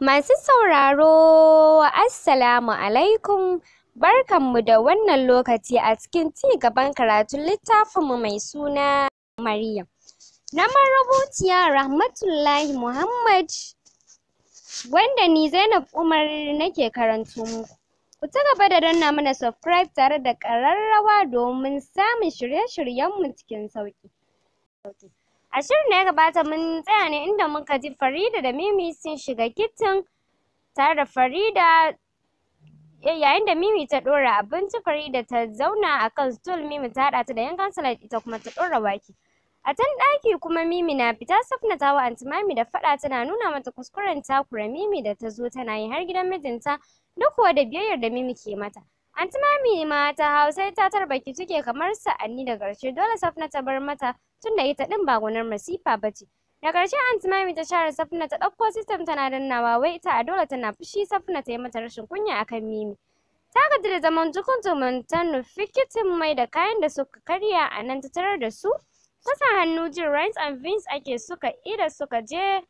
Masu sauraro, Assalamu alaikum. Barkanmu da wannan lokaci a cikin ci gaban karatun littafinmu mai suna Maryam. Na marubuciya Rahmatullahi Muhammad, wanda ni Zainab Umar nake karanto muku. Ku ta gaba da danna mana subscribe tare da ƙararrawa domin samun shirye-shiryenmu cikin sauƙi. A shirin da ya gabata mun tsaya ne inda muka ji Farida da Mimi sun shiga kicin tare da Farida eh, yayin da Mimi ta ɗora abinci Farida ta zauna a kan stool Mimi ta haɗa ta da yankan salad ita kuma ta ɗora wake. A can ɗaki kuma Mimi na fita Safna ta wa Aunty Mami da faɗa tana nuna mata kuskuren takura Mimi da ta zo tana yi har gidan mijinta duk kuwa da biyayyar da Mimi ke mata. Anti Mami ma ta hau sai ta tarba suke kamar sa'anni da ƙarshe dole Safna ta bar mata Tun da ita din ba gonar masifa ba ce da ƙarshe Aunt Mami ta share Safina ta ɗauko system tana dannawa wai ita a dole tana fushi Safina ta yi mata rashin kunya a kan Mimi. Ta gaji da zaman jukun ta nufi kitin mai da kayan da suka karya a nan ta tarar da su. Ta sa hannu jin rains and Vince ake suka ida suka je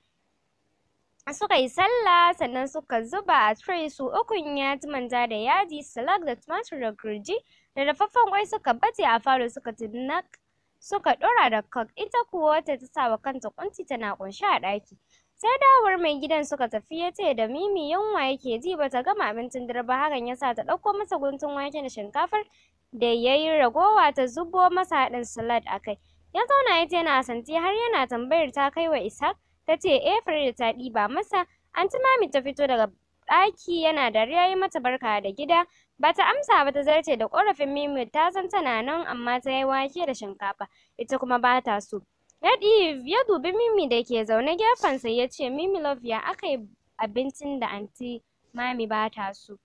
suka yi sallah sannan suka zuba a tray su ukun ya manja da yaji salak da tumatir da gurji da dafaffen kwai suka bace a falo suka tinnak suka ɗora da kok. ita kuwa wata ta sa wa kanta kunci tana ƙunshi a ɗaki sai dawar mai gidan suka tafi ya ce da mimi yunwa yake ji bata gama abincin dare ba hakan yasa ta ɗauko masa guntun wake da shinkafar da yayi ragowa ta zubo masa haɗin salad a kai ya zauna ya ce yana asanti har yana tambayar ta kai wa ishaq ta ce eh farida ta ɗiba masa anti mami ta fito daga ɗaki yana dariya ya mata barka da gida Bata amsa ba ta zarce da ƙorafin Mimi ta san tana nan amma ta yi wake da shinkafa, ita kuma ba ta so. Yadi ya dubi Mimi da ke zaune gefensa ya ce, Mimi love ya aka abincin da anti mami ba ta so.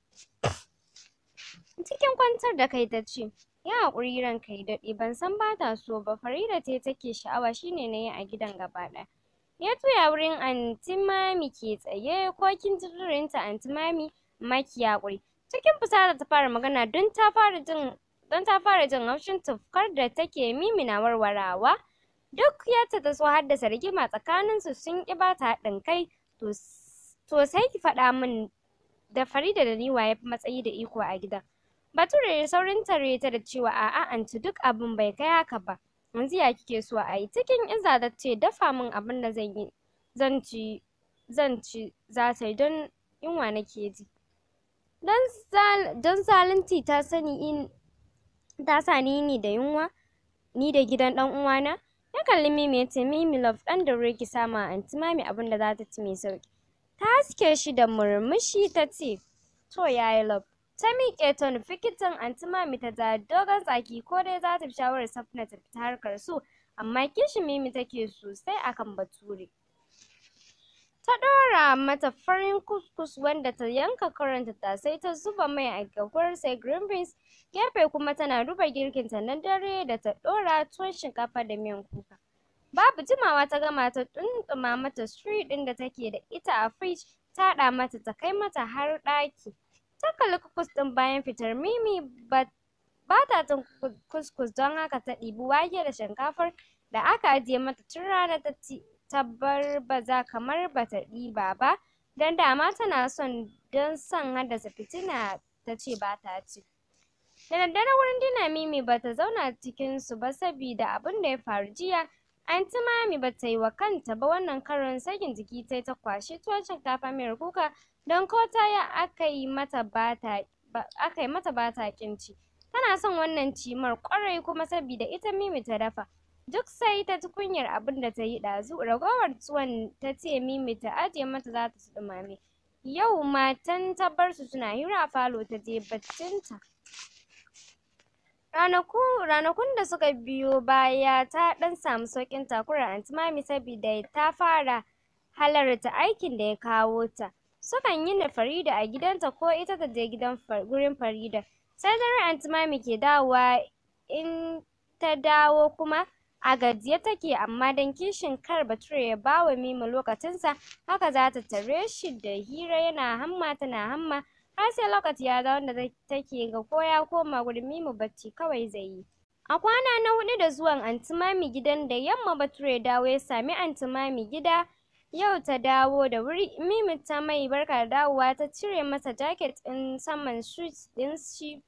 Cikin kwantar da kai ta ce, ya haƙuri kai kai daɗi. ban san ba ta so ba Farida ce take sha'awa shine na yi a gidan gaba ɗaya. Ya tuya wurin anti mami ke tsaye ko kin ta anti mami maki ya Cikin fusara ta fara magana don ta fara jin don ta fara jin haushin tufkar da take mimina warwarawa. Duk yadda ta so haddasa rigima tsakaninsu sun ki ba ta haɗin kai to sai ki faɗa min da Farida da Niwa ya fi matsayi da iko a gidan. Bature da saurin tare ta da cewa a'a anti duk abin bai kai haka ba. Yanzu ya kike so a yi cikin iza da ce dafa min abin da zan yi zan ci zan ci za ta yi don yunwa nake ji. don zalunci ta sani in ta sani ni da yunwa ni da gidan dan uwana ya kalli mimi ya ce mimi love ɗan da ki sama anti mami abin da za ta ci mai sauki ta haske shi da murmushi ta ce to yayi love ta miƙe ta nufi kitchen anti mami ta ja dogon tsaki ko dai za ta fi shawarar safna ta fita harkar su amma kishin mimi take sosai akan bature ta ɗora mata farin kuskus wanda ta yanka karanta tasai ta zuba mai a gabar sai green beans gefe kuma tana duba girkin ta na dare da ta ɗora tuwon shinkafa da miyan kuka babu jimawa ta gama ta ɗumɗuma mata street ɗin da take da ita a fridge ta ɗa mata ta kai mata har ɗaki ta kalli kuskus ɗin bayan fitar mimi ba ta tun kuskus don haka ta ɗibi wake da shinkafar da aka ajiye mata tun ranar ta ci tabbar ba baza kamar bata ɗiba ba don dama tana son don son haddasa fitina ta ce ba ta ci da daddare wurin dina mimi ba ta zauna cikin su ba sabida abin da ya faru jiya an anti mami ta yi wa kanta ba wannan karon sakin jiki tayi ta kwashi tuwon shinkafa miyar kuka don ko ta yi mata aka yi mata ba ta ci tana son wannan cimar kwarai kuma sabida ita mimi ta dafa Duk sai ta ji kunyar abin da ta yi ɗazu, ragowar tuwon ta ce Mimi ta ajiye mata za ta su ɗumame. Yau matan ta bar su suna hira falo ta je baccinta. Ranakun da suka biyo baya ta ɗan samu sauƙin takurar antimami Mami saboda ta fara halarta aikin da ya kawo ta. Sukan yi na Farida a gidanta ko ita ta je gidan gurin Farida. Sai dare Aunty Mami ke dawowa in ta dawo kuma a gajiye take amma don kishin kar Bature ya bawa Mima lokacinsa haka za ta tare shi da hira yana hamma tana hamma har sai lokaci ya ga da take ga ko ya koma gurin Mima bacci kawai zai yi. A kwana na hudu da zuwan antimami gidan da yamma Bature ya dawo ya sami antimami gida yau ta dawo da wuri Mimi ta mai barka da dawowa ta cire masa jaket din saman shoes din shi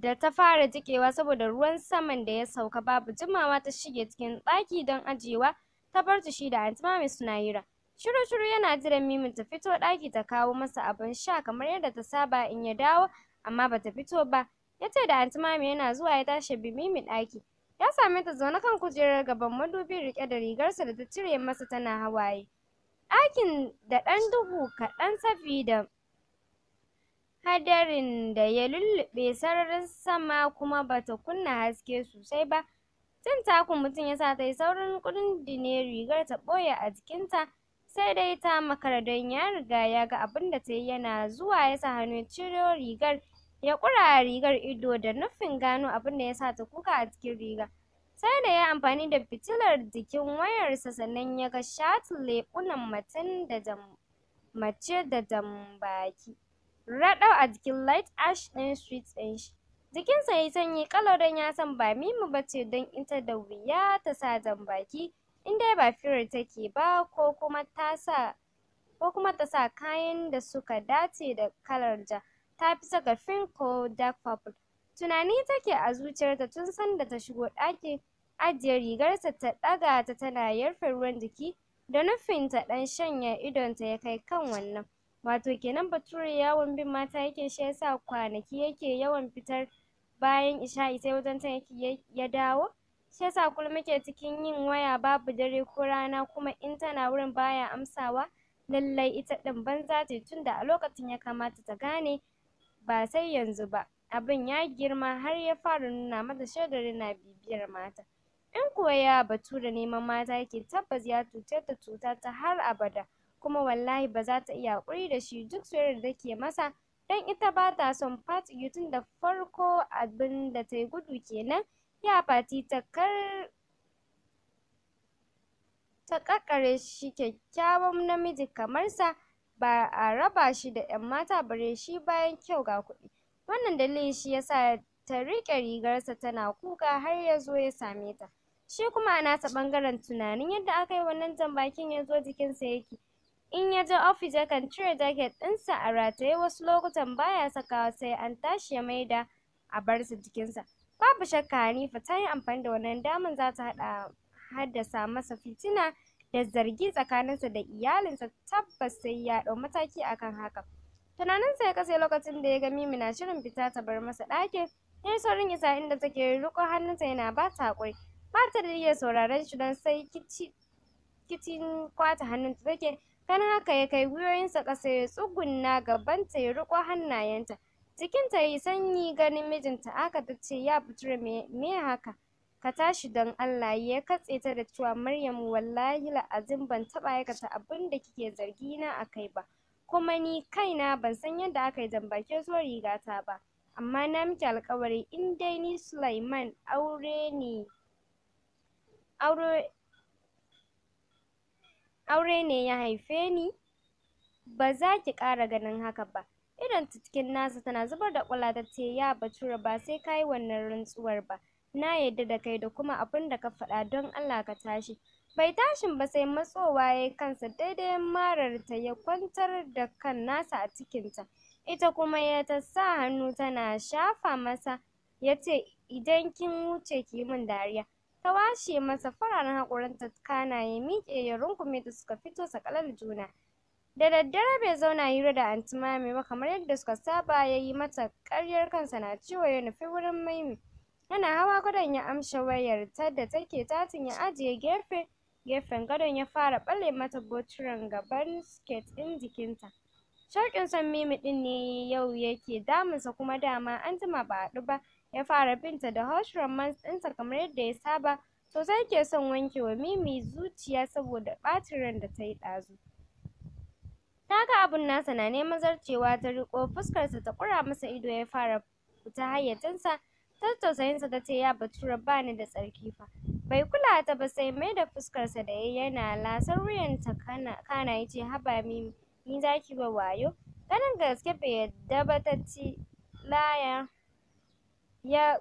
da ta fara jikewa saboda ruwan saman da ya sauka babu jimawa ta shige cikin ɗaki don ajiyewa ta bar shi da Aunt Mami suna hira. Shiru shiru yana jiran Mimin ta fito ɗaki ta kawo masa abin sha kamar yadda ta saba in ya dawo amma ba ta fito ba. Ya ce da Aunt Mami yana zuwa ya tashi bi Mimin ɗaki. Ya same ta zaune kan kujerar gaban madubin, riƙe da rigarsa da ta cire masa tana hawaye. Ɗakin da ɗan duhu kaɗan da. hadarin da ya lullube sararin sama kuma ba ta kunna haske sosai ba tun takun mutum ya sa ta yi saurin dine rigar ta ɓoye a jikinta sai dai ta makara don ya riga ya ga abin da ta yi yana zuwa ya sa hannu ciro rigar ya kura rigar ido da nufin gano abin da ya sa ta kuka a cikin riga sai da ya amfani da fitilar jikin wayarsa sannan ya ga shatin leɓunan da mace da jambaki raɗau a jikin light ash ɗin street ɗin shi jikinsa ya sanyi kalo don ya san ba mimu ba ce don ita da wuya ta sa zan baki in ba firar take ba ko kuma ta sa ko kuma ta sa kayan da suka dace da kalar ja ta fi saka pink ko dark purple tunani take a zuciyarta tun sanda ta shigo ɗakin ajiye rigarsa ta ɗaga ta tana yarfe ruwan jiki da nufin ta ɗan shanya idonta ya kai kan wannan wato kenan bature yawon bin mata yake shi yasa kwanaki yake yawan fitar bayan isha'i sai wajen yake ya dawo shi yasa kullum yake cikin yin waya babu dare ko rana kuma in tana wurin baya amsawa lallai ita din banza ce tunda a lokacin ya kamata ta gane ba sai yanzu ba abin ya girma har ya fara nuna mata shaidar na bibiyar mata in kuwa ya bature neman mata yake tabbas ya cuce ta cuta ta har abada kuma wallahi ba za ta iya haƙuri da shi duk soyayyar da ke masa don ita ba ta son Fatiyu tun da farko abin da ta yi gudu kenan ya Fati ta kar ta ƙaƙare shi kyakkyawan namiji kamar sa ba a raba shi da 'yan mata bare shi bayan kyau ga kuɗi wannan dalilin shi yasa ta riƙe rigarsa tana kuka har ya zo ya same ta shi kuma a nasa ɓangaren tunanin yadda aka yi wannan jan bakin ya zo jikinsa yake in ya ji ofis yakan cire jaket ɗinsa a rataye wasu lokutan baya sakawa sai an tashi ya maida a bar su jikinsa babu shakka Hanifa ta yi amfani da wannan daman za ta haɗa haddasa masa fitina da zargi tsakaninsa da iyalinsa tabbas sai ya ɗau mataki akan haka tunaninsa ya kasa lokacin da ya ga Mimi na shirin fita ta bar masa ɗakin ya yi saurin isa inda take riƙo hannunsa yana ba ta haƙuri ba ta da iya sauraron shi don sai kicin kwata hannunta take kan haka ya kai gwiwoyinsa ƙasa ya tsugunna gabanta ya riƙo hannayenta. cikinta ya yi sanyi ganin mijinta aka ta ce ya fitura me haka. Ka tashi don Allah ya katse ta da cewa Maryam wallahi la'azin ban taɓa aikata abin da kike zargi na a kai ba. Kuma ni kaina ban san yadda aka yi dambake zuwa rigata ba. Amma na miki alƙawari in dai ni Sulaiman aure ne aure aure ne ya haife ni ba za ki ƙara ganin haka ba idan cikin nasa tana zubar da ƙwala ta ce ya bature ba sai ka wannan rantsuwar ba na yadda da kai da kuma abin da ka faɗa don Allah ka tashi bai tashin ba sai matsowa ya kansa daidai marar ta ya kwantar da kan nasa a cikinta ita kuma ya ta sa hannu tana shafa masa ya ce idan kin wuce ki min dariya ta washe masa fararen ta kana ya miƙe ya rungume da suka fito sakalar juna da daddare bai zauna hira da anti mami ba kamar yadda suka saba ya yi mata ƙaryar kansa na ciwo ya nufi wurin mami yana hawa gadon ya amshe wayar ta da take tatin ya ajiye gefe gefen gadon ya fara balle mata boturan gaban siket ɗin jikinta shauƙin son mimi ɗin ne yau yake damunsa kuma dama an jima ba a ɗuba ya fara binta da harsh romance ɗinsa kamar yadda ya saba sosai ke son wanke wa Mimi zuciya saboda ɓacin ran da ta yi ɗazu. Ta ga abin nasa na neman zarcewa ta riƙo fuskarsa ta ƙura masa ido ya fara fita hayyacinsa ta tausayinsa ta ce ya batura ba ni da tsarki fa. Bai kula ta ba sai mai da fuskarsa da ya yana lasar wuyanta kana, kana ya ce haba Mimi ni za ki wayo. Ganin gaske bai yadda ba ta ci laya. ya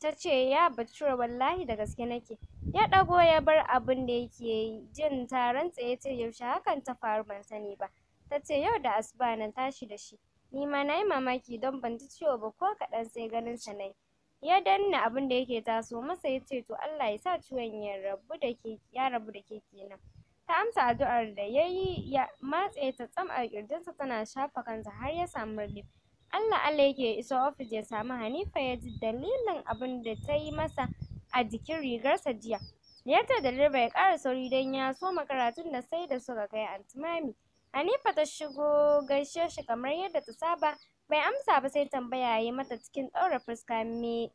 ta ce ya bature wallahi da gaske nake ya ɗago ya bar abin da yake yi jin taron tsaye ce yaushe hakan ta faru ban sani ba ta ce yau da asuba na tashi da shi ni ma na yi mamaki don ban ji ciwo ba ko kaɗan sai ganin sa na yi ya danna abin da yake taso masa ya ce to Allah ya sa ciwon ya rabu da ke ya rabu da ke kenan ta amsa addu'ar da ya yi ya matse ta tsam a kirjinsa tana shafa kansa har ya samu relief Allah Allah yake iso ofis ya samu Hanifa ya ji dalilin abin da ta yi masa a jikin rigarsa jiya. yadda ce da ya ƙara sauri dan ya so makaratun da sai da suka kai antimami. Hanifa ta shigo gaishe shi kamar yadda ta saba bai amsa ba sai tambaya ya mata cikin ɗaura fuska me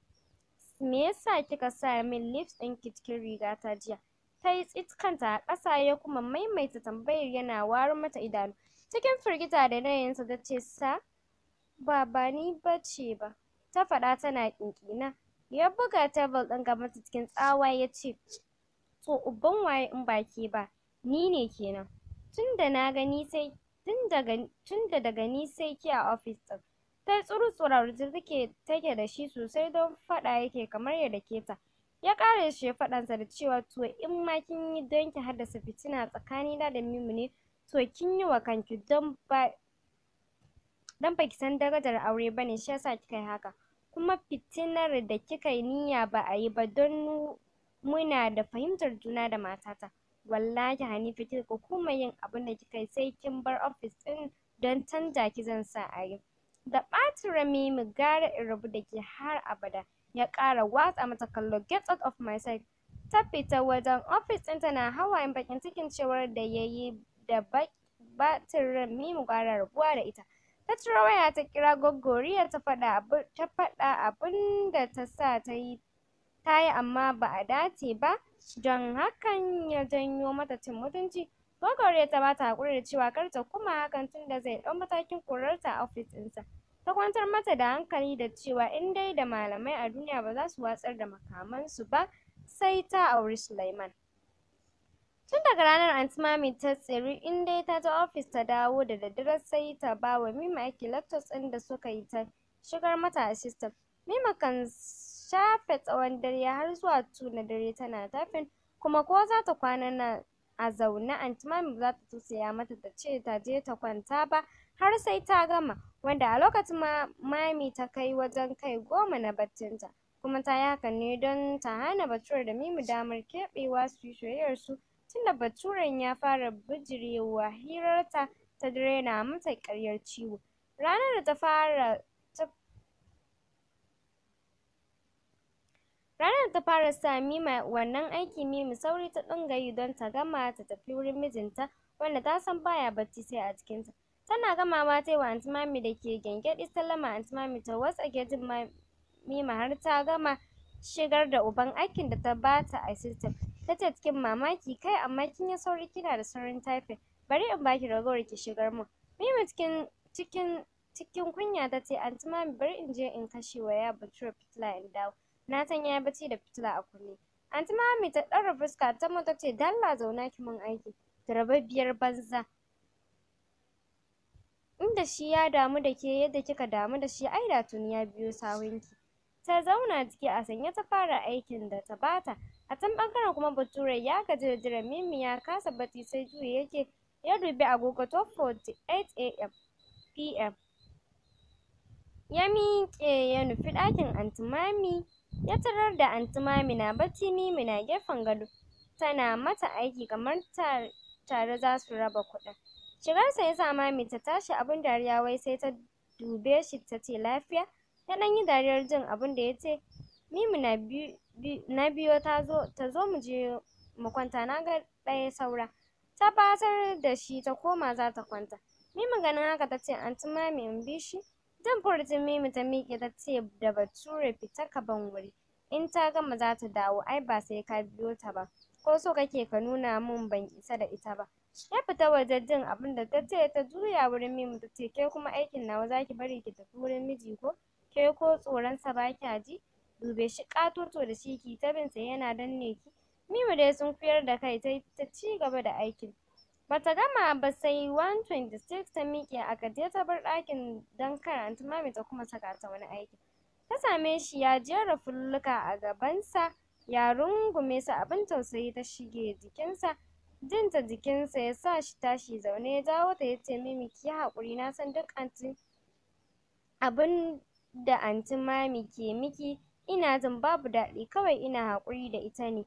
me yasa kika sa min lips ki cikin rigata jiya. ta yi tsit kanta a ƙasa ya kuma maimaita tambayar yana warin mata idanu cikin firgita da nayinsa ta ce sa ba ba ni bace ba ta faɗa tana ƙinƙina ya buga tebul ɗin gaban ta cikin tsawa ya ce to uban waye in ba ke ba ni ne kenan tun da na gani sai tun daga tun daga ni sai ki a ofis ɗin ta tsurutsura tsurar take da shi sosai don faɗa yake kamar yadda ke ta ya ƙara shi faɗansa da cewa to in ma kin yi don ki haddasa fitina tsakanina da Mimu to kin yi wa kanki don ba don baki san darajar aure bane shi yasa kika yi haka kuma fitinar da kika yi niyya ba a yi ba don muna da fahimtar juna da matata wallahi Hanifa ki ko kuma yin abin da kika yi sai kin bar ofis ɗin don canja ki zan sa a yi da ɓacin rami mu gara in rabu da ke har abada ya ƙara watsa mata kallo get out of my sight ta fita wajen ofis ɗin tana hawayen bakin cikin cewar da ya yi da ɓacin rami gara rabuwa da ita ta ciro waya ta kira gwaggoriya ta faɗa abin da ta sa ta yi ta yi amma ba a dace ba don hakan ya janyo mata cin mutunci gwaggoriya ta ba ta hakuri da cewa kar ta kuma hakan tun da zai ɗau matakin korarta a ofis ɗinsa ta kwantar mata da hankali da cewa in dai da malamai a duniya ba za su watsar da makamansu ba sai ta auri Sulaiman Tun daga ranar antimami ta tsiri in dai ta ji ofis ta dawo da daddare sai ta ba wa Mima aiki laptops ɗin da suka yi ta shigar mata a system. Mima kan shafe tsawon dare har zuwa tuna dare tana tafin kuma ko za ta kwana na a zaune antimami Mami ba za ta mata ta ce ta je ta kwanta ba har sai ta gama wanda a lokacin ma Mami ta kai wajen kai goma na baccinta. kuma ta yi hakan ne don ta hana Bature da Mimu damar keɓewa su yi su. Tun da baturen ya fara bijirewa hirarta ta daina mata ƙaryar ciwo, ranar da ta fara sa Mima wannan aiki Mimi sauri ta dinga yi don ta gama ta tafi wurin mijinta wanda ta san baya bacci sai a cikinta. Tana gamawa ta yi wa antimami da ke gyangyaɗi sallama antimami Mami ta watsa jin Mima har ta gama shigar da uban aikin da ta bata ta a system. ta ce cikin mamaki kai amma kin yi sauri kina da saurin typing bari in baki ragowar ki shigar mun Mimi cikin cikin cikin kunya ta ce anti mami bari in je in kashe wa ya bature fitila in dawo na san ya bace da fitila a kunne anti mami ta ɗaura fuska ta mu ta ce dalla zauna ki mun aiki biyar banza inda shi ya damu da ke yadda kika damu da shi ai da tuni ya biyo sawunki ta zauna jiki a sanye ta fara aikin da ta bata a can ɓangaren kuma bature ya gaji da jiran mimi ya kasa bati sai juyi yake ya dubi agogo 12:48 am pm ya miƙe ya nufi ɗakin antimami ya tarar da antimami na bacci mimi na gefen gado tana mata aiki kamar tare za su raba kuɗin shigarsa ya sa mami ta tashi abun dariya wai sai ta dube shi ta ce lafiya ya ɗan yi dariyar jin abin da ya ce mimi na biyu na biyo ta zo ta zo mu je mu kwanta na ga ɗaya saura ta batar da shi ta koma za ta kwanta Mimi ganin haka ta ce anti mami in bi shi dan furucin Mimi ta miƙe ta ce da Bature fita ka ban wuri in ta gama za ta dawo ai ba sai ka biyo ta ba ko so kake ka nuna min ban isa da ita ba ya fita waje jin abin da ta ce ta juya wurin Mimi ta ce ke kuma aikin nawa zaki bari ki tafi wurin miji ko ke ko tsoron sa ba kya ji dube shi ƙatoto da shiki ta binsa yana danne ki Mimu dai sun koyar da kai ta ta ci gaba da aikin bata gama ba sai 126 ta miƙe a gaje ta bar ɗakin don karanta mami ta kuma saka ta wani aiki ta same shi ya jera fulluka a gabansa ya rungume sa abin tausayi ta shige jikinsa jinta jikinsa ya sa shi tashi zaune ya jawo ta yace ce mimi ki haƙuri na san duk antin abin da antin mami ke miki ina jin babu daɗi kawai ina haƙuri da ita ne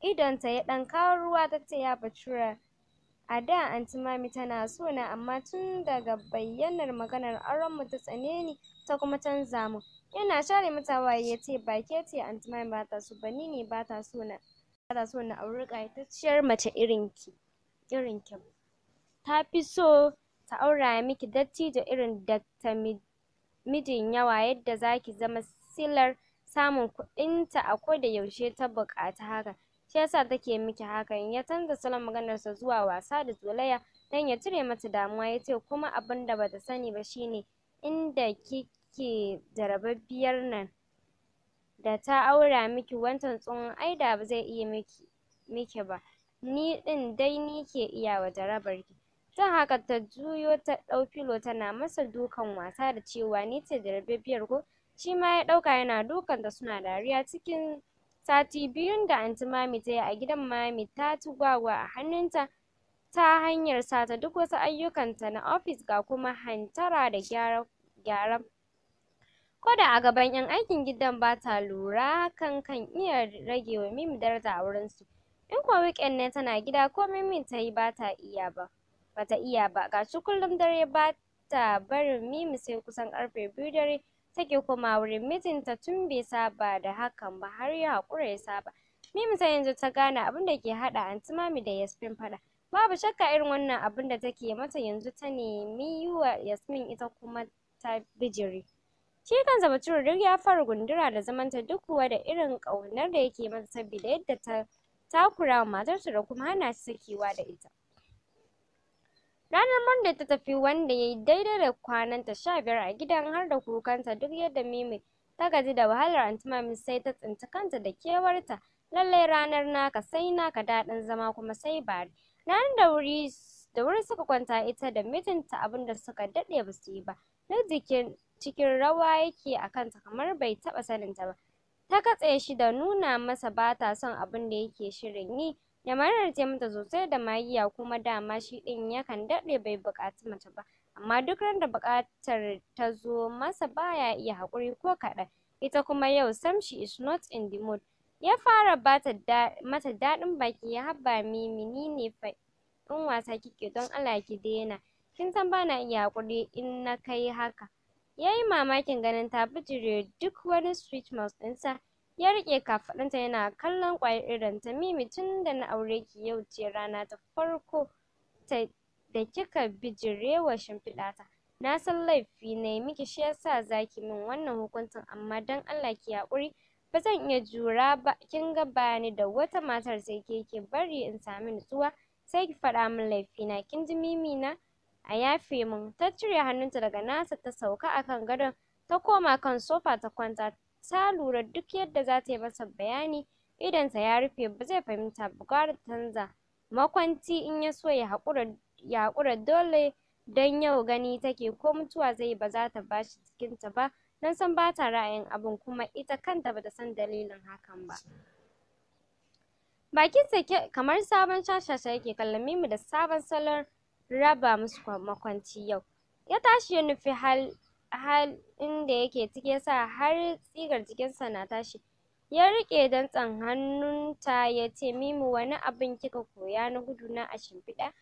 idonta ya ɗan kawo ruwa ta ce ya bature a da anti mami tana so na amma tun daga bayyanar maganar auren mu ta tsane ni ta kuma canza mu yana share mata waye ya ce ba ke ce anti mami ba ta so ba ni ne ba ta so na ba ta so na ta ciyar mace irin ki ta fi so ta aura miki dattijo irin dakta mijin yawa yadda zaki zama silar samun kuɗinta a koda yaushe ta buƙaci haka shi yasa take miki hakan ya canza salon maganarsa zuwa wasa da zolaya dan ya cire mata damuwa ya ce kuma abin da bata sani ba shine inda kike jarababbiyar nan da ta aura miki wancan tsohon ai da ba zai iya miki miki ba ni ɗin dai ni ke iya wa ki dan haka ta juyo ta ɗau filo tana masa dukan wasa da cewa ni ce jarababbiyar ko shi ma ya ɗauka yana da suna dariya cikin sati biyun da anti mami ta yi a gidan mami ta ci gwagwa a hannunta ta hanyar sata duk wasu ayyukanta na ofis ga kuma hantara da gyara ko da a gaban 'yan aikin gidan ba ta lura kan kan iya rage wa Mimi daraja a wurinsu. In kuwa weekend ne tana gida ko Mimi ta yi ba ta iya ba. Ba ta iya ba, shi kullum dare ba ta barin Mimi sai kusan karfe biyu dare take kuma wurin mijinta tun bai saba da hakan ba har ya haƙura ya saba Mimi ta yanzu ta gane abin da ke haɗa anti mami da Yasmin fada, babu shakka irin wannan abin da take mata yanzu ta nemi yi wa Yasmin ita kuma ta bijiri shi kansa Bature duk ya fara gundura da zamanta duk kuwa da irin kaunar da yake mata saboda yadda ta takura wa matarsa da kuma hana shi sakewa da ita Ranar Monday ta tafi wanda ya yi daidai da kwananta sha biyar a gidan har da kukanta duk yadda Mimi ta gaji da wahalar antimami sai ta tsinci kanta da kewarta. Lallai ranar naka sai naka daɗin zama kuma sai bari. Ranar da wuri da wuri suka kwanta ita da mijinta abinda suka daɗe ba su yi ba. Duk jikin cikin rawa yake a kanta kamar bai taɓa saninta ba. Ta katse shi da nuna masa ba ta son abin da yake shirin yi. Yamarar ta mata sosai da magiya kuma dama shi ɗin yakan daɗe bai buƙaci mace ba. Amma duk randa buƙatar ta zo masa baya iya haƙuri ko kaɗan. Ita kuma yau sam she is not in the mood. Ya fara bata mata daɗin baki ya haba mimi ni ne fa in wasa kike don Allah ki daina. Kin san bana iya haƙuri in na kai haka. Ya yi mamakin ganin ta bijire duk wani sweet mouth ɗinsa ya rike kafaɗanta yana kallon ƙwayar ta Mimi tun da na aure ki yau ce rana ta farko ta da kika bijirewa shimfiɗata na san laifi ne miki shi yasa zaki min wannan hukuncin amma dan Allah ki haƙuri ba zan iya jura ba kin ga bayani da wata matar sai ke ke bari in sami nutsuwa sai ki faɗa min laifi na kin ji Mimi na a yafe min ta cire hannunta daga nasa ta sauka akan gadon ta koma kan sofa ta kwanta ta lura duk yadda za ta yi masa bayani idonsa ya rufe ba zai fahimta ba gwara canza makwanci in ya so ya haƙura dole don yau gani take ko mutuwa zai ba za ta ba shi cikinta ba don san ba ta ra'ayin abin kuma ita kanta ba ta san dalilin hakan ba Bakin sake kamar sabon shashasha yake kallon mu da sabon salon raba musu makwanci yau ya tashi ya nufi hal halin da yake ciki yasa har tsigar jikinsa na tashi ya riƙe dantsan hannunta ya ce Mimu wani abin kika koya na gudu na a shimfiɗa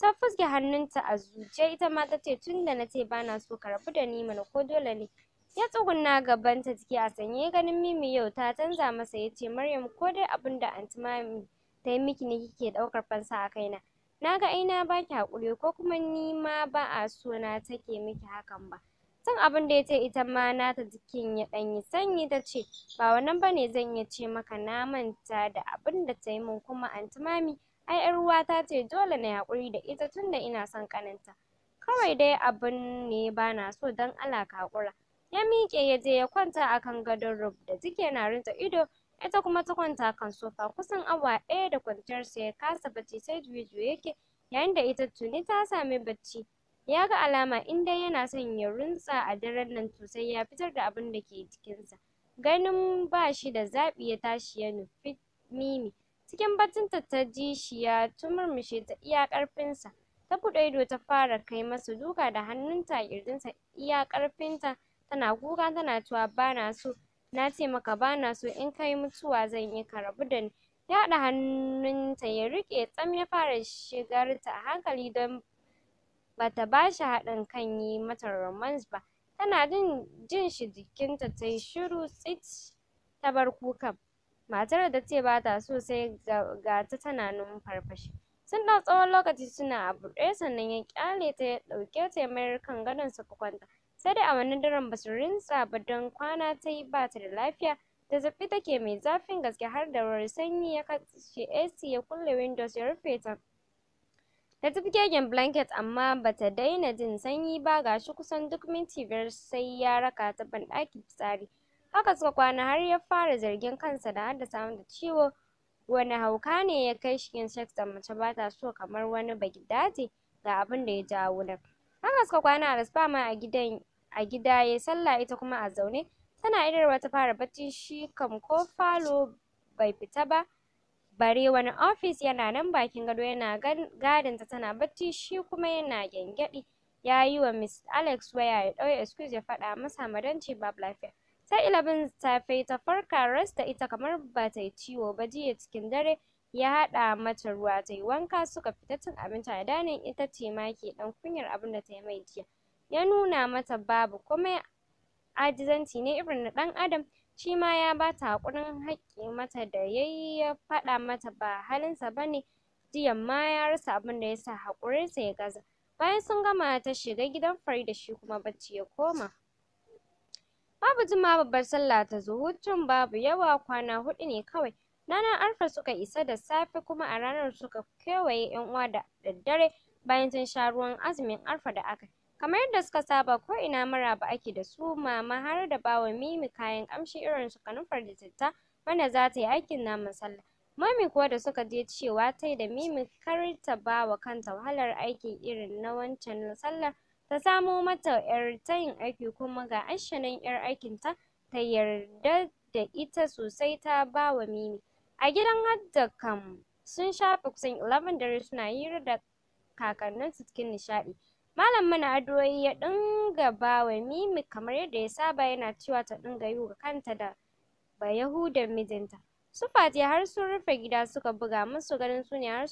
ta fuske hannunta a zuciya ita ma ta ce tunda na ce bana so ka rabu da ni mana ko dole ne ya tsuguna gabanta jiki a sanye ganin Mimi yau ta canza masa ya ce Maryam ko dai abin da anti Mami ta yi miki ne kike ɗaukar fansa a kaina na ga ina ba baki haƙuri ko kuma ni ma ba a so na take miki hakan ba tun abin da ya ce ita ma nata jikin ya ɗan yi sanyi ta ce ba wannan bane zan iya ce maka na manta da abin da ta yi min kuma anti mami ai ƴar ta ce dole na yi haƙuri da ita tunda ina son ƙaninta kawai dai abun ne ba na so don Allah ka haƙura ya miƙe ya je ya kwanta akan gadon rub da jiki yana rinta ido ita kuma ta kwanta kan sofa kusan awa ɗaya da kwanciyarsa ya kasa bacci sai juye-juye yake yayin da ita tuni ta sami bacci Ya ga alama in dai yana son ya runtsa a daren nan to sai ya fitar da abin da ke jikinsa. Ganin ba shi da zaɓi ya tashi ya nufi Mimi. Cikin batunta ta ji shi ya tumurmushe ta iya ƙarfinsa. Ta buɗe ido ta fara kai masa duka da hannunta a ƙirjinsa iya ƙarfinta. Tana kuka tana cewa ba na so, na ce maka ba na so in kai mutuwa zan yi ka rabu da ni. Ya haɗa hannunta ya riƙe tsam ya fara shigar ta a hankali don bata bashi haɗin kan yi mata romance ba tana jin shi jikinta tayi shiru tsit ta bar kukan matar da tace bata so sai ga ta tana numfarfashi sun ɗau tsawon lokaci suna a buɗe sannan ya ƙyale ta ya ɗauke ta ya mayar kan gadon suka kwanta sai dai a wannan daren basu rintsa ba don kwana tayi bata da lafiya zafi take mai zafin gaske har da ruwan sanyi ya kashe AC ya kulle windows ya rufe ta ta tafi kegen blanket amma bata daina jin sanyi ba ga shi kusan duk minti biyar sai ya raka ta banɗakin fitsari haka suka kwana har ya fara zargin kansa da samun da ciwo wani hauka ne ya kai shi yin sex da mace ta so kamar wani bagidaje ga abin da ya jawo nan haka suka kwana a rasfa ma a gidan a gida ya sallah ita kuma a zaune tana idarwa ta fara bacci shi kam ko falo bai fita ba bare wani ofis yana nan bakin gado yana gadinta tana bacci shi kuma yana gyangyaɗi ya yi wa Miss Alex waya ya ɗauya excuse ya faɗa masa madanci babu lafiya sai ilabin safe ta farka ras da ita kamar ba ta yi ciwo ba jiya cikin dare ya haɗa mata ruwa ta yi wanka suka fita cin abinci a danin ita ce ma ke ɗan kunyar abin da ta yi mai jiya ya nuna mata babu komai ajizanci ne irin na ɗan adam shi ma ya bata haƙurin haƙƙi mata da yayi ya faɗa mata ba halinsa bane jiyan ma ya rasa abin da yasa haƙurinsa ya gaza bayan sun gama ta shiga gidan Farida shi kuma bacci ya koma babu jima babbar sallah ta zo hutun babu yawa kwana huɗu ne kawai ranar arfa suka isa da safe kuma a ranar suka kewaye yan uwa da daddare bayan sun sha ruwan azumin arfa da aka Kamar yadda suka saba ko mara maraba ake da su mama har da bawa Mimi kayan kamshi irin su kanufar da citta wanda za ta yi aikin na sallah. Mami kuwa da suka je cewa ta da Mimi kar ta ba wa kanta wahalar aiki irin na wancan sallar ta samo mata 'yar tayin aiki kuma ga ashanan 'yar aikin ta ta yarda da ita sosai ta ba wa Mimi. A gidan Hadda kam sun shafe kusan 11 dare suna hira da su cikin nishaɗi. Malam mana addu'o'i ya dinga bawa Mimi kamar yadda ya saba yana cewa ta dinga yi wa kanta da Bayahudan mijinta. Su Fati har sun rufe gida suka buga musu ganin su ne har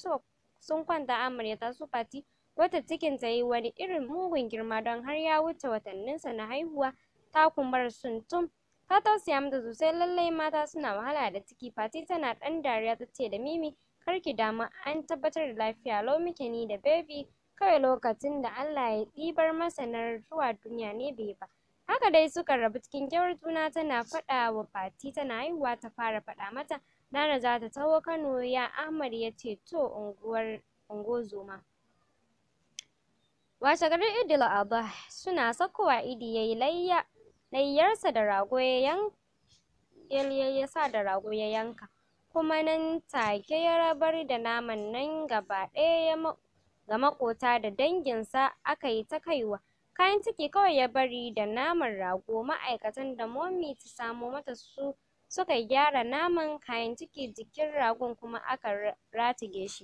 sun kwanta amarya su Fati wata cikin ta yi wani irin mugun girma don har ya wuce watanninsa na haihuwa ta kumbar tum ta tausaya mata sosai lallai mata suna wahala da ciki Fati tana ɗan dariya ta ce da Mimi kar ki damu an tabbatar da lafiya lau muke ni da baby kawai lokacin da Allah ya ɗibar masa na zuwa duniya ne bai ba. Haka dai suka rabu cikin kyawar juna tana faɗa wa Fati tana haihuwa ta fara faɗa mata Nana za ta taho Kano ya Ahmad ya ce to unguwar ungozoma. Washe garin Idil Adha suna sakowa Idi ya yi layya layyarsa da rago ya ya sa da rago ya yanka kuma nan take ya rabar da naman nan gaba ɗaya ya ga maƙota da danginsa aka yi ta kaiwa. Kayan ciki kawai ya bari da naman rago ma'aikatan da momi ta samo mata su suka gyara naman kayan ciki jikin ragon kuma aka ratige shi.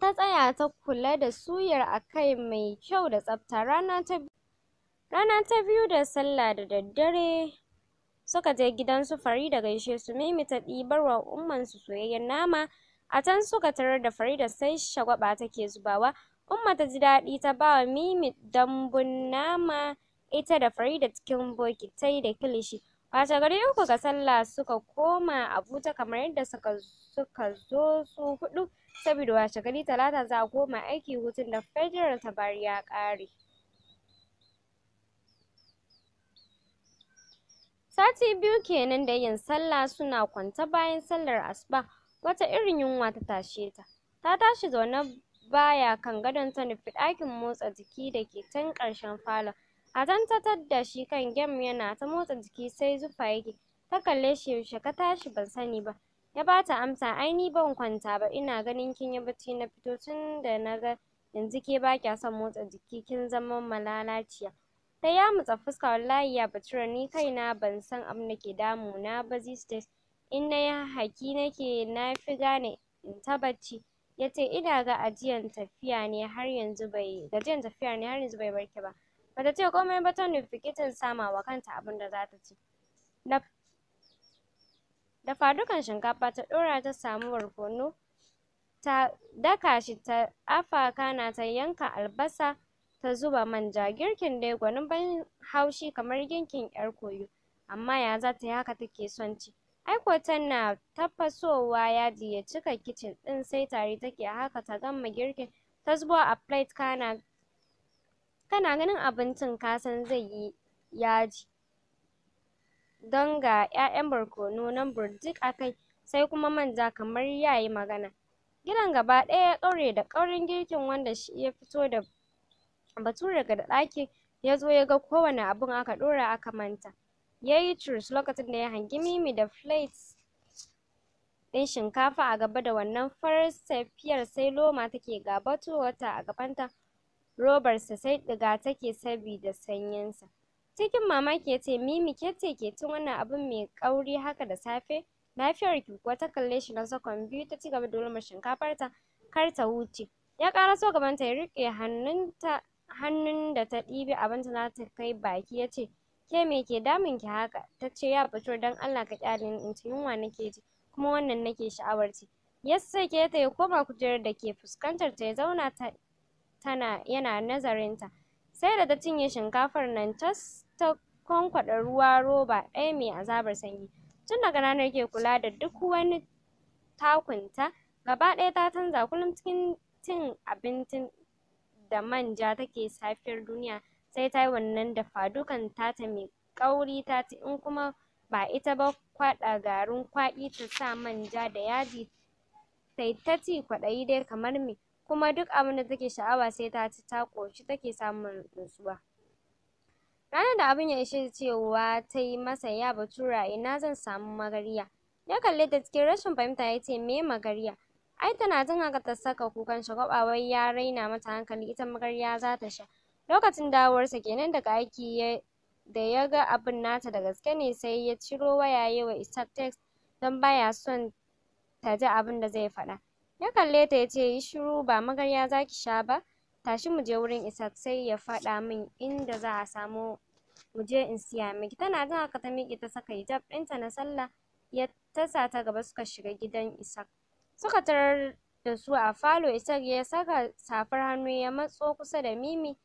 Ta tsaya ta kula da suyar a kai mai kyau da tsafta rana ta biyu da sallah da daddare suka je gidan su da gaishe su Mimi ta ɗibar wa ummansu soyayyen nama A can suka tarar da Farida sai shagwaba take zubawa. Umma ta ji daɗi ta ba wa Mimi dambun nama ita da Farida cikin bokitai da kilishi. Wace gari uku ga sallah suka koma ta kamar yadda suka suka zo su hudu? saboda wace gari Talata za a koma aiki hutun da Federal ta bari ya kare? Sati biyu kenan da yin sallah suna kwanta bayan sallar asuba. wata irin yunwa ta tashe ta ta tashi zaune baya kan gadon ta nufi ɗakin motsa jiki da ke can ƙarshen falon a ta tadda shi kan gem yana ta motsa jiki sai zufa yake ta kalle shi yaushe ka tashi ban sani ba ya bata amsa ai ni ban kwanta ba ina ganin kin yi bacci na fito tun da na ga yanzu ke ba kya son motsa jiki kin zama malalaciya ta yamutsa fuska wallahi ya bature ni kaina ban san abin da ke damuna ba these days in nayi haki nake fi gane in ta bacci yace ina ga ajiyan tafiya ne har yanzu bai gajiyan tafiya ne har yanzu bai barke ba bata ce komai ba ta nufi sama wa kanta abin da za ta ci da fadukan shinkafa ta ɗora ta samu barkono ta daka shi ta afa kana ta yanka albasa ta zuba manja girkin dai gwanin ban haushi kamar girkin ƴar koyo amma ya ta yi haka take son ci Ai na tafasowa yaji ya cika kicin ɗin sai tare take haka ta gama girkin ta zuba a plate kana kana ganin abincin ka san zai yi yaji don ga 'ya'yan barkono nan burjik akai sai kuma manja kamar yayi magana. Gidan gaba ɗaya ya ƙaure da ƙaurin girkin wanda shi ya fito da Bature daga ɗaki ya zo ya ga kowane abun aka ɗora aka manta. ya yi lokacin da ya hangi Mimi da plates ɗin shinkafa a gaba da wannan farar safiyar sai loma take wata a gabanta robarsa sai ɗiga take sabida sanyinsa cikin mamaki ya ce Mimi ke ce ke tun wannan abin mai kauri haka da safe lafiyar ki kuwa ta kalle shi na sakon biyu ta ci gaba da lomar shinkafarta kar ta huce ya so gabanta ya riƙe hannunta hannun da ta ɗibi abinta za ta kai baki ya ce ke me ke damun ki haka ta ce ya fito don Allah ka kyale ni in ci yunwa nake ji kuma wannan nake sha'awar ci ya sake ta ya koma kujerar da ke fuskantar ta ya zauna ta tana yana nazarinta sai da ta cinye shinkafar nan tas ta kwankwada ruwa roba ɗaya mai azabar sanyi tun daga ranar ke kula da duk wani takunta gaba ɗaya ta canza kullum cikin cin abincin da manja take safiyar duniya sai ta yi wannan dafa dukan tata mai kauri ta in kuma ba ita ba kwaɗa garin kwaɗi ta sa manja da yaji sai ta ci kwaɗayi dai kamar me kuma duk abin da take sha'awa sai ta ci ta ƙoshi take samun nutsuwa ranar da abin ya ishe cewa ta yi masa ya batura ina zan samu magariya ya kalli ta cikin rashin fahimta ya ce me magariya ai tana jin haka ta saka kukan shagwaɓa wai ya raina mata hankali ita magarya za ta sha Lokacin dawowarsa kenan daga aiki ya da ya ga abin nata da gaske ne sai ya ciro waya ya yi wa text don ba ya son ta ji abin da zai faɗa. Ya kalle ta ya ce yi shiru ba magarya za ki sha ba, tashi mu je wurin Ishaq sai ya faɗa min inda za a samu mu je in siya miki. Tana jin haka ta miƙe ta saka hijab ɗinta na sallah ya tasa ta gaba suka shiga gidan isa Suka tarar da su a falo isar ya saka safar hannu ya matso kusa da Mimi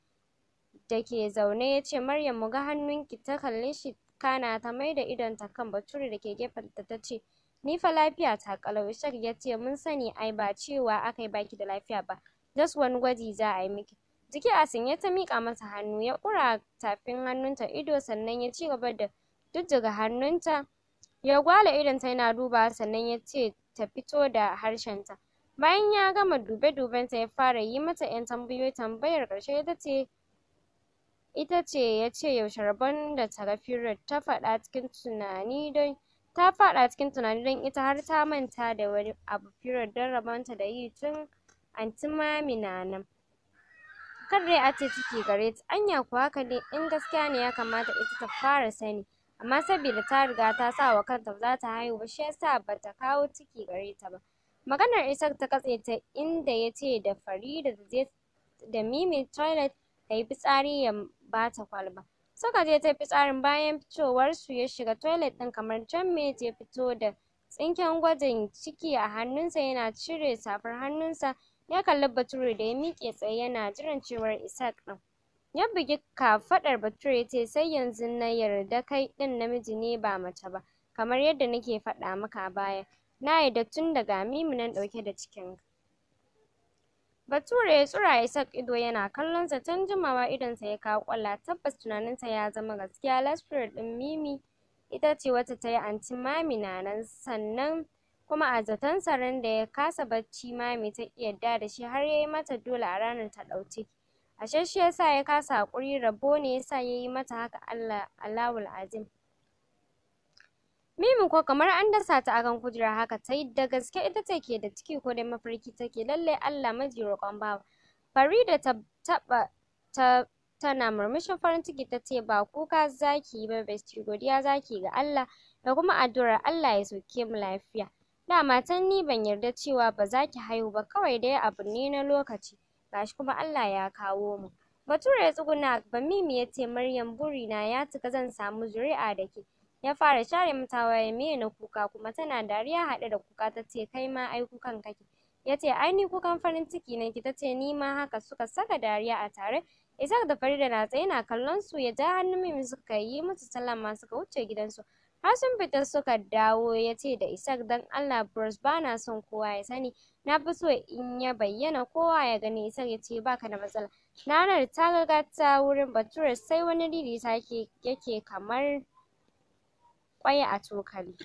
da ke zaune ya ce, Maryam mu ga hannunki ta kalle shi kana ta mai maida idonta kan Bature da ke gefenta ta ce, Ni fa lafiya ta kalau ya ce mun sani ai ba cewa aka yi baki da lafiya ba, just wani gwaji za a yi miki. Jiki Asin ya ta mika masa hannu ya kura tafin hannunta ido sannan ya ci gaba da jijjiga hannunta ya gwala idonta yana duba sannan ya ce ta fito da harshenta. Bayan ya gama dube-dubenta ya fara yi mata 'yan tambayoyi tambayar ƙarshe ta ce ita ce ya ce yaushe rabon da ta ta faɗa cikin tunani don ta faɗa cikin tunani don ita har ta manta da wani abu period don rabonta da yi tun anti mami na nan kar dai a ce ciki gare ta anya kuwa haka in gaskiya ne ya kamata ita ta fara sani amma sabida ta riga ta sa wa kanta za ta haihu ba shi yasa ba ta kawo ciki gare ta ba maganar isar ta katse ta inda ya ce da Farida da je da Mimi toilet ta yi fitsari ya ba ta kwalba. Suka je ta yi fitsarin bayan fitowarsu ya shiga toilet ɗin kamar can mate ya fito da tsinken gwajin ciki a hannunsa yana cire safar hannunsa ya kalli Bature da ya miƙe tsaye yana jiran cewar Isaac ɗin. Ya bugi kafaɗar Bature ya ce sai yanzu na yarda kai ɗin namiji ne ba mace ba kamar yadda nake faɗa maka baya. Na yarda tun daga mimi nan ɗauke da cikinka. Bature ya tsura ya Isaac ido yana kallonsa tun jimawa idonsa ya kawo kwalla tabbas sa ya zama gaskiya Lastfm ɗin Mimi ita ce wata ta yi antin Mami Nanan sannan kuma a zaton saran da ya kasa bacci Mami ta yadda yadda da shi har ya yi mata dole a ranar ta dauce a shi ya sa ya kasa hakuri rabo ne ya sa ya yi mata haka Allah Allahul Azim. Mimi ko kamar an dasa ta akan kujera haka ta yi da gaske ita ce da ciki ko dai mafarki take lallai Allah maji roƙon bawa. Farida ta taɓa ta tana murmushin farin ciki ta ce ba kuka zaki yi ba bestie, godiya zaki ga Allah da kuma addu'ar Allah ya soke mu lafiya. Da matan ni ban yarda cewa ba za ki haihu ba kawai dai abu ne na lokaci gashi kuma Allah ya kawo mu. Bature ya tsuguna ba mimi ya ce Maryam burina ya cika zan samu zuri'a da ke. ya fara share mata waye meye na kuka kuma tana dariya haɗe da kuka ta ce kai ma ai kukan kake ya ce ai ni kukan farin ciki ne ki ta ce ni ma haka suka saka dariya a tare Isaac da Farida na tsaye na kallon su ya ja hannun Mimi suka yi musu sallama suka wuce gidansu har sun fita suka dawo ya ce da Isaac dan Allah Bros ba na son kowa ya sani na fi so in ya bayyana kowa ya gani Isaac ya ce baka da matsala ranar ta ga wurin Bature sai wani riri take yake kamar ƙwai a cokali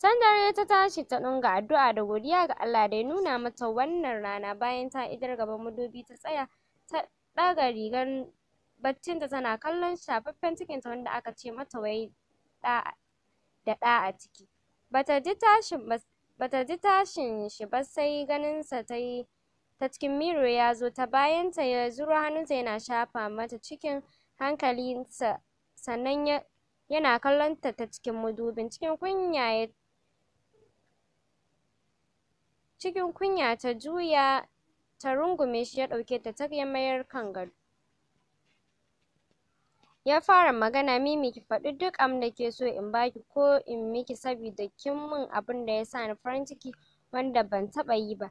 Can dare ta tashi ta ɗinga addu'a da godiya ga Allah da ya nuna mata wannan rana bayan ta idar gaban madubi ta tsaya ta ɗaga rigar baccinta tana kallon shafaffen cikinta wanda aka ce mata wai da ɗa a ciki. Bata ji tashin ba bata ji tashin shi ba sai ganinsa ta yi ta cikin miro ya zo ta bayanta ya zuro hannunsa yana shafa mata cikin hankalinsa sannan yana kallonta ta cikin madubin cikin kunya ya cikin kunya ta juya ta rungume shi ya ɗauke ta ta mayar kan gado ya fara magana Mimi ki faɗi duk abin da ke so in baki ko in miki saboda kin min abin da ya sa ni farin ciki wanda ban taɓa yi ba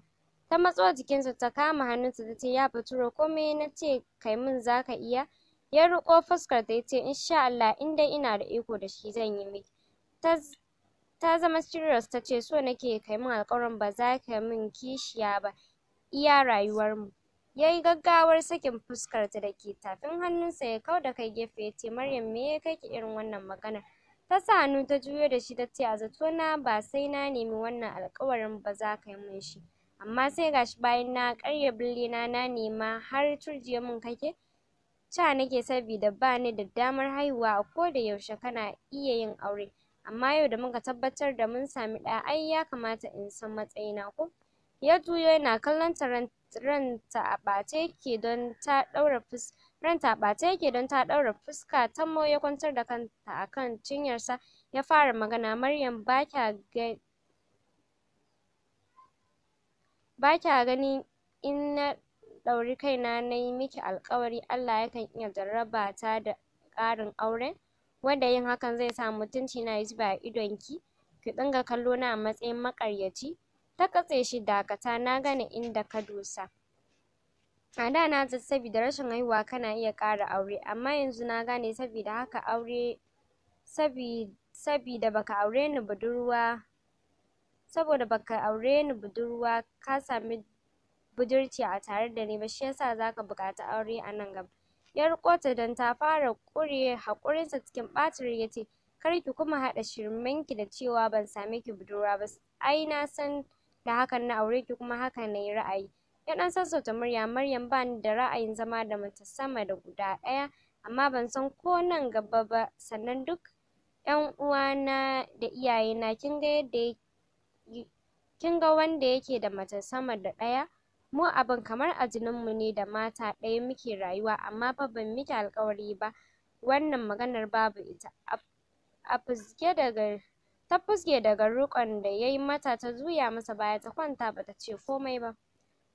ta matso jikinsa ta kama hannunsa ta ce ya bature komai na ce kai min zaka iya ya riƙo fuskarta ya ce insha Allah in dai ina da iko da shi zan yi miki ta zama serious ta ce so nake kai min alƙawarin ba za ka min kishiya ba iya rayuwar mu yayi gaggawar sakin fuskarta da ke tafin hannunsa ya kau da kai gefe ya ce Maryam me ya kai ki irin wannan maganar ta sa hannu ta juyo da shi ta ce a zato na ba sai na nemi wannan alƙawarin ba za ka yi min shi amma sai gashi bayan na karya billina na nema har turje min kake ca nake sabida bani da damar haihuwa a da yaushe kana iya yin aure amma yau da muka tabbatar da mun sami ɗa ai ya kamata in san matsayina ko ya juyo yana kallon ta ranta a ɓace yake don ta ɗaura fus ranta a ɓace yake don ta ɗaura fuska tammo ya kwantar da kanta akan cinyarsa ya fara magana Maryam ba kya ga ba kya gani in na ɗauri kaina na yi miki alƙawari Allah yakan iya jarraba ta da ƙarin auren wanda yin hakan zai sa mutunci na ya zuba a idonki ki dinga kallo na a matsayin maƙaryaci ta katse shi dakata na gane inda ka dosa a da na ji saboda rashin haihuwa kana iya ƙara aure amma yanzu na gane saboda haka aure sabi baka aure ni budurwa saboda baka aure ni budurwa ka sami budurci a tare da ni ba shi yasa zaka buƙaci aure a nan gaba yar kota ta ta fara ƙure haƙurinsa cikin ɓacin ya yace kar ki kuma haɗa ki da cewa ban same ki budurwa ba ai na san da hakan na aure ki kuma hakan nayi ra'ayi ya ɗan sassauta murya Maryam bani da ra'ayin zama da mace sama da guda ɗaya amma ban san ko nan gaba ba sannan duk ƴan uwana da iyayena kin ga yadda kin ga wanda yake da mace sama da ɗaya mu abin kamar a mu ne da mata ɗaya muke rayuwa amma fa ban miki alƙawari ba wannan maganar babu ita a fuske daga ta fuske daga riƙon da yayi mata ta juya masa baya ta kwanta bata ce komai ba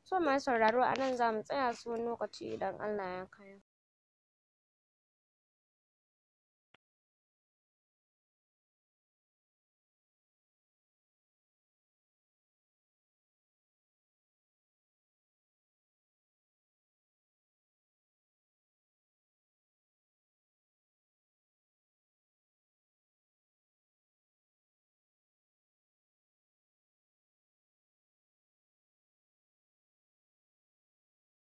So masu sauraro a nan zamu tsaya su wani lokaci idan Allah ya kai